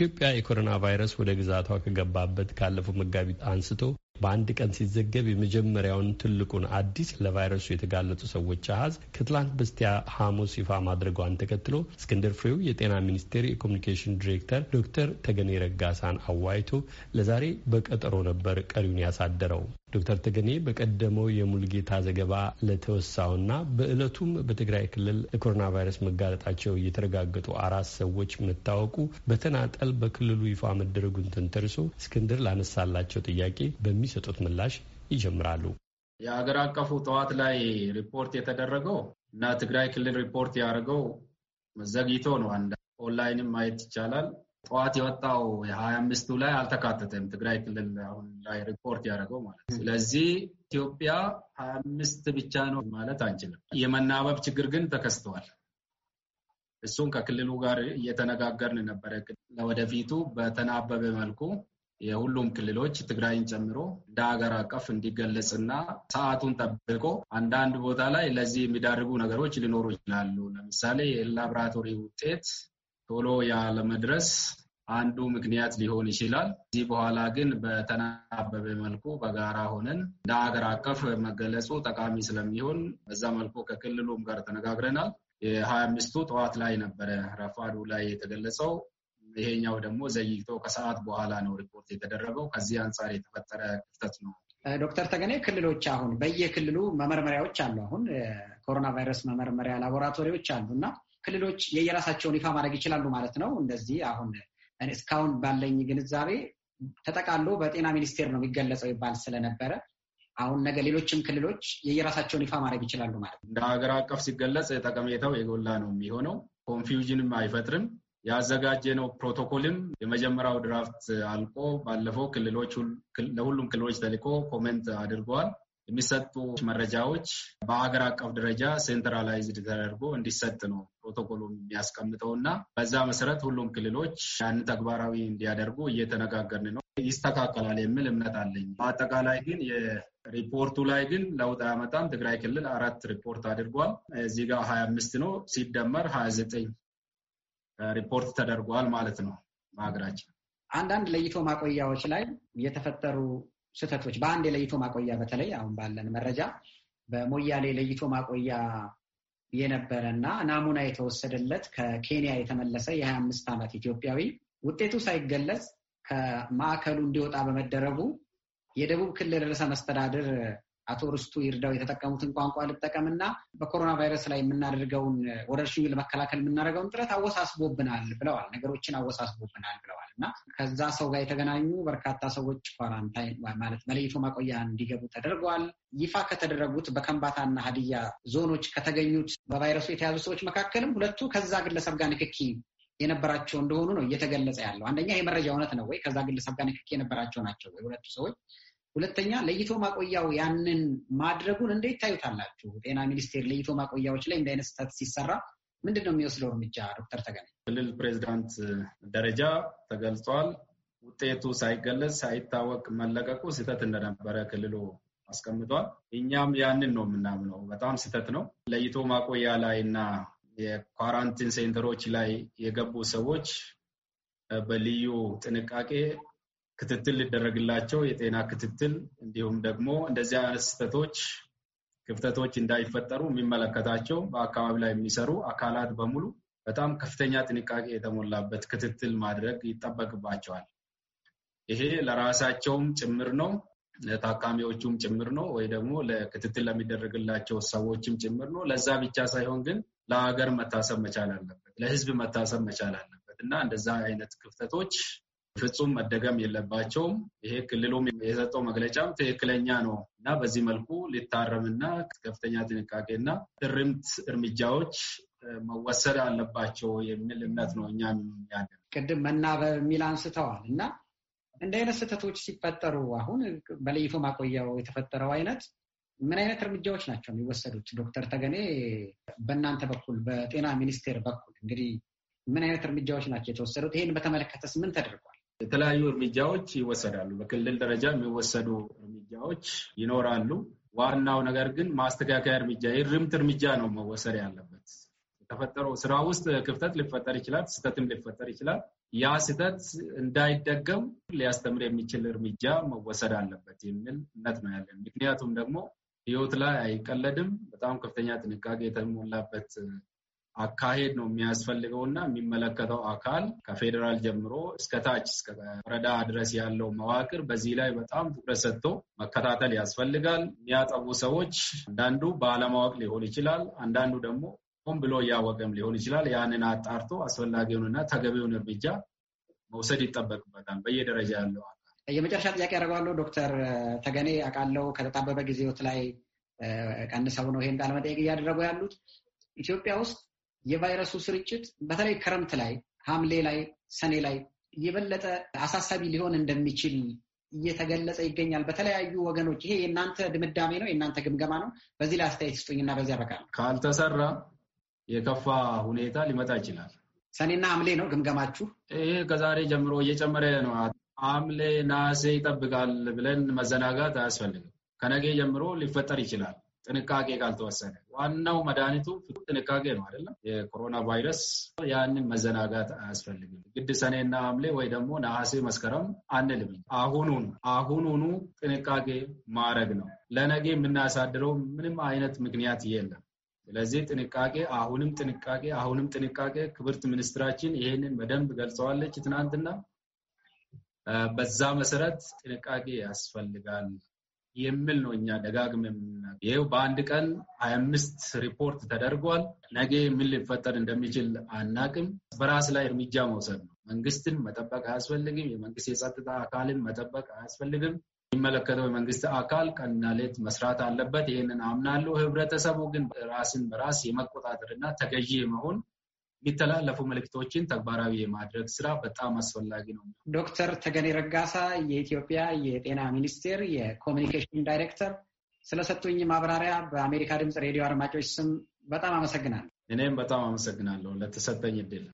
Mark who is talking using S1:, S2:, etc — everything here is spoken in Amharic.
S1: ኢትዮጵያ የኮሮና ቫይረስ ወደ ግዛቷ ከገባበት ካለፈው መጋቢት አንስቶ በአንድ ቀን ሲዘገብ የመጀመሪያውን ትልቁን አዲስ ለቫይረሱ የተጋለጡ ሰዎች አሀዝ ከትላንት በስቲያ ሐሙስ ይፋ ማድረጓን ተከትሎ እስክንድር ፍሬው የጤና ሚኒስቴር የኮሚኒኬሽን ዲሬክተር ዶክተር ተገኔ ረጋሳን አዋይቶ ለዛሬ በቀጠሮ ነበር ቀሪውን ያሳደረው። ዶክተር ተገኔ በቀደመው የሙልጌታ ዘገባ ለተወሳውና በዕለቱም በትግራይ ክልል ለኮሮና ቫይረስ መጋለጣቸው የተረጋገጡ አራት ሰዎች መታወቁ በተናጠል በክልሉ ይፋ መደረጉን ተንተርሶ እስክንድር ላነሳላቸው ጥያቄ በሚ ከሚሰጡት ምላሽ ይጀምራሉ። የሀገር አቀፉ ጠዋት ላይ ሪፖርት የተደረገው እና ትግራይ ክልል ሪፖርት ያደርገው ዘግይቶ ነው። አንድ ኦንላይንም ማየት ይቻላል። ጠዋት የወጣው የሀያ አምስቱ ላይ አልተካተተም። ትግራይ ክልል አሁን ላይ ሪፖርት ያደረገው ማለት ነው። ስለዚህ ኢትዮጵያ ሀያ አምስት ብቻ ነው ማለት አንችልም። የመናበብ ችግር ግን ተከስተዋል። እሱን ከክልሉ ጋር እየተነጋገርን ነበረ። ለወደፊቱ በተናበበ መልኩ የሁሉም ክልሎች ትግራይን ጨምሮ እንደ ሀገር አቀፍ እንዲገለጽና ሰዓቱን ጠብቆ አንዳንድ ቦታ ላይ ለዚህ የሚዳርጉ ነገሮች ሊኖሩ ይችላሉ። ለምሳሌ የላብራቶሪ ውጤት ቶሎ ያለመድረስ አንዱ ምክንያት ሊሆን ይችላል። ከዚህ በኋላ ግን በተናበበ መልኩ በጋራ ሆነን እንደ ሀገር አቀፍ መገለጹ ጠቃሚ ስለሚሆን በዛ መልኩ ከክልሉም ጋር ተነጋግረናል። የሀያ አምስቱ ጠዋት ላይ ነበረ ረፋዱ ላይ የተገለጸው ይሄኛው ደግሞ ዘይቶ ከሰዓት በኋላ ነው ሪፖርት የተደረገው። ከዚህ አንጻር የተፈጠረ ክፍተት ነው።
S2: ዶክተር ተገኔ ክልሎች አሁን በየክልሉ መመርመሪያዎች አሉ። አሁን ኮሮና ቫይረስ መመርመሪያ ላቦራቶሪዎች አሉ እና ክልሎች የየራሳቸውን ይፋ ማድረግ ይችላሉ ማለት ነው። እንደዚህ አሁን እስካሁን ባለኝ ግንዛቤ ተጠቃሎ በጤና ሚኒስቴር ነው የሚገለጸው ይባል ስለነበረ አሁን ነገ ሌሎችም ክልሎች የየራሳቸውን ይፋ ማድረግ ይችላሉ ማለት ነው። እንደ ሀገር አቀፍ ሲገለጽ
S1: ጠቀሜታው የጎላ ነው የሚሆነው። ኮንፊውዥንም አይፈጥርም። ያዘጋጀነው ፕሮቶኮልም የመጀመሪያው ድራፍት አልቆ ባለፈው ክልሎች ለሁሉም ክልሎች ተልኮ ኮሜንት አድርገዋል። የሚሰጡ መረጃዎች በሀገር አቀፍ ደረጃ ሴንትራላይዝድ ተደርጎ እንዲሰጥ ነው ፕሮቶኮሉ የሚያስቀምጠው እና በዛ መሰረት ሁሉም ክልሎች ያን ተግባራዊ እንዲያደርጉ እየተነጋገርን ነው። ይስተካከላል የሚል እምነት አለኝ። በአጠቃላይ ግን የሪፖርቱ ላይ ግን ለውጥ አያመጣም። ትግራይ ክልል አራት ሪፖርት አድርጓል። እዚህ ጋር ሀያ አምስት ነው ሲደመር ሀያ ዘጠኝ ሪፖርት ተደርጓል ማለት ነው። በሀገራችን
S2: አንዳንድ ለይቶ ማቆያዎች ላይ የተፈጠሩ ስህተቶች በአንድ የለይቶ ማቆያ በተለይ አሁን ባለን መረጃ በሞያሌ ለይቶ ማቆያ የነበረ እና ናሙና የተወሰደለት ከኬንያ የተመለሰ የ25 ዓመት ኢትዮጵያዊ ውጤቱ ሳይገለጽ ከማዕከሉ እንዲወጣ በመደረጉ የደቡብ ክልል ርዕሰ መስተዳድር አቶ ርስቱ ይርዳው የተጠቀሙትን ቋንቋ ልጠቀምና በኮሮና ቫይረስ ላይ የምናደርገውን ወረርሽኙ ለመከላከል የምናደርገውን ጥረት አወሳስቦብናል ብለዋል። ነገሮችን አወሳስቦብናል ብለዋል እና ከዛ ሰው ጋር የተገናኙ በርካታ ሰዎች ኳራንታይን ማለት መለይቶ ማቆያ እንዲገቡ ተደርገዋል። ይፋ ከተደረጉት በከምባታና ሀዲያ ዞኖች ከተገኙት በቫይረሱ የተያዙ ሰዎች መካከልም ሁለቱ ከዛ ግለሰብ ጋር ንክኪ የነበራቸው እንደሆኑ ነው እየተገለጸ ያለው። አንደኛ የመረጃ እውነት ነው ወይ? ከዛ ግለሰብ ጋር ንክኪ የነበራቸው ናቸው ወይ ሁለቱ ሰዎች? ሁለተኛ ለይቶ ማቆያው ያንን ማድረጉን እንዴት ታዩታላችሁ? ጤና ሚኒስቴር ለይቶ ማቆያዎች ላይ እንዲህ አይነት ስህተት ሲሰራ ምንድን ነው የሚወስደው እርምጃ? ዶክተር ተገነ
S1: ክልል ፕሬዚዳንት ደረጃ ተገልጿል። ውጤቱ ሳይገለጽ ሳይታወቅ መለቀቁ ስህተት እንደነበረ ክልሉ አስቀምጧል። እኛም ያንን ነው የምናምነው። በጣም ስህተት ነው። ለይቶ ማቆያ ላይ እና የኳራንቲን ሴንተሮች ላይ የገቡ ሰዎች በልዩ ጥንቃቄ ክትትል ሊደረግላቸው የጤና ክትትል እንዲሁም ደግሞ እንደዚህ አይነት ስህተቶች፣ ክፍተቶች እንዳይፈጠሩ የሚመለከታቸው በአካባቢ ላይ የሚሰሩ አካላት በሙሉ በጣም ከፍተኛ ጥንቃቄ የተሞላበት ክትትል ማድረግ ይጠበቅባቸዋል። ይሄ ለራሳቸውም ጭምር ነው፣ ለታካሚዎቹም ጭምር ነው፣ ወይ ደግሞ ለክትትል ለሚደረግላቸው ሰዎችም ጭምር ነው። ለዛ ብቻ ሳይሆን ግን ለሀገር መታሰብ መቻል አለበት፣ ለሕዝብ መታሰብ መቻል አለበት እና እንደዛ አይነት ክፍተቶች ፍጹም መደገም የለባቸውም። ይሄ ክልሉም የሰጠው መግለጫም ትክክለኛ ነው እና በዚህ መልኩ ሊታረምና ከፍተኛ ጥንቃቄና ትርምት እርምጃዎች መወሰድ አለባቸው
S2: የሚል እምነት ነው። እኛም ያለ ቅድም መናበብ የሚል አንስተዋል እና እንደ አይነት ስህተቶች ሲፈጠሩ አሁን በለይቶ ማቆያው የተፈጠረው አይነት ምን አይነት እርምጃዎች ናቸው የሚወሰዱት? ዶክተር ተገኔ በእናንተ በኩል በጤና ሚኒስቴር በኩል እንግዲህ ምን አይነት እርምጃዎች ናቸው የተወሰዱት? ይህን በተመለከተስ ምን
S1: ተደርጓል? የተለያዩ እርምጃዎች ይወሰዳሉ። በክልል ደረጃ የሚወሰዱ እርምጃዎች ይኖራሉ። ዋናው ነገር ግን ማስተካከያ እርምጃ የርምት እርምጃ ነው መወሰድ ያለበት። የተፈጠረው ስራ ውስጥ ክፍተት ሊፈጠር ይችላል፣ ስህተትም ሊፈጠር ይችላል። ያ ስህተት እንዳይደገም ሊያስተምር የሚችል እርምጃ መወሰድ አለበት የሚል እምነት ነው ያለን። ምክንያቱም ደግሞ ህይወት ላይ አይቀለድም። በጣም ከፍተኛ ጥንቃቄ የተሞላበት አካሄድ ነው የሚያስፈልገው እና የሚመለከተው አካል ከፌዴራል ጀምሮ እስከታች እስከ ወረዳ ድረስ ያለው መዋቅር በዚህ ላይ በጣም ትኩረት ሰጥቶ መከታተል ያስፈልጋል። የሚያጠቡ ሰዎች አንዳንዱ ባለማወቅ ሊሆን ይችላል፣ አንዳንዱ ደግሞ ሆን ብሎ እያወቀም ሊሆን ይችላል። ያንን አጣርቶ አስፈላጊውንና ተገቢውን እርምጃ መውሰድ ይጠበቅበታል በየደረጃ ያለው አካል።
S2: የመጨረሻ ጥያቄ ያደርገዋለሁ። ዶክተር ተገኔ አውቃለሁ ከተጣበበ ጊዜዎት ላይ ቀንሰው ነው ይሄን ቃለ መጠየቅ እያደረጉ ያሉት ኢትዮጵያ ውስጥ የቫይረሱ ስርጭት በተለይ ክረምት ላይ ሐምሌ ላይ ሰኔ ላይ የበለጠ አሳሳቢ ሊሆን እንደሚችል እየተገለጸ ይገኛል። በተለያዩ ወገኖች ይሄ የእናንተ ድምዳሜ ነው፣ የእናንተ ግምገማ ነው። በዚህ ላይ አስተያየት ስጡኝና በዚያ በቃ
S1: ካልተሰራ የከፋ ሁኔታ ሊመጣ ይችላል።
S2: ሰኔና ሐምሌ ነው ግምገማችሁ?
S1: ይሄ ከዛሬ ጀምሮ እየጨመረ ነው። ሐምሌ ነሐሴ ይጠብቃል ብለን መዘናጋት አያስፈልግም። ከነገ ጀምሮ ሊፈጠር ይችላል። ጥንቃቄ ካልተወሰነ ዋናው መድኃኒቱ ጥንቃቄ ነው አይደለም። የኮሮና ቫይረስ ያንን መዘናጋት አያስፈልግም። ግድ ሰኔና ሐምሌ ወይ ደግሞ ነሐሴ፣ መስከረም አንልም። አሁኑኑ አሁኑኑ ጥንቃቄ ማድረግ ነው። ለነገ የምናሳድረው ምንም አይነት ምክንያት የለም። ስለዚህ ጥንቃቄ አሁንም ጥንቃቄ አሁንም ጥንቃቄ። ክብርት ሚኒስትራችን ይህንን በደንብ ገልጸዋለች ትናንትና። በዛ መሰረት ጥንቃቄ ያስፈልጋል የሚል ነው። እኛ ደጋግመ ይኸው በአንድ ቀን ሀያ አምስት ሪፖርት ተደርጓል። ነገ ምን ሊፈጠር እንደሚችል አናቅም። በራስ ላይ እርምጃ መውሰድ ነው። መንግስትን መጠበቅ አያስፈልግም። የመንግስት የጸጥታ አካልን መጠበቅ አያስፈልግም። የሚመለከተው የመንግስት አካል ቀንና ሌት መስራት አለበት። ይህንን አምናለሁ። ህብረተሰቡ ግን ራስን በራስ የመቆጣጠርና ተገዢ መሆን። የሚተላለፉ መልእክቶችን ተግባራዊ የማድረግ ስራ በጣም አስፈላጊ ነው።
S2: ዶክተር ተገኔ ረጋሳ የኢትዮጵያ የጤና ሚኒስቴር የኮሚኒኬሽን ዳይሬክተር ስለሰጡኝ ማብራሪያ በአሜሪካ ድምፅ ሬዲዮ አድማጮች ስም በጣም አመሰግናለሁ።
S1: እኔም በጣም አመሰግናለሁ ለተሰጠኝ እድል።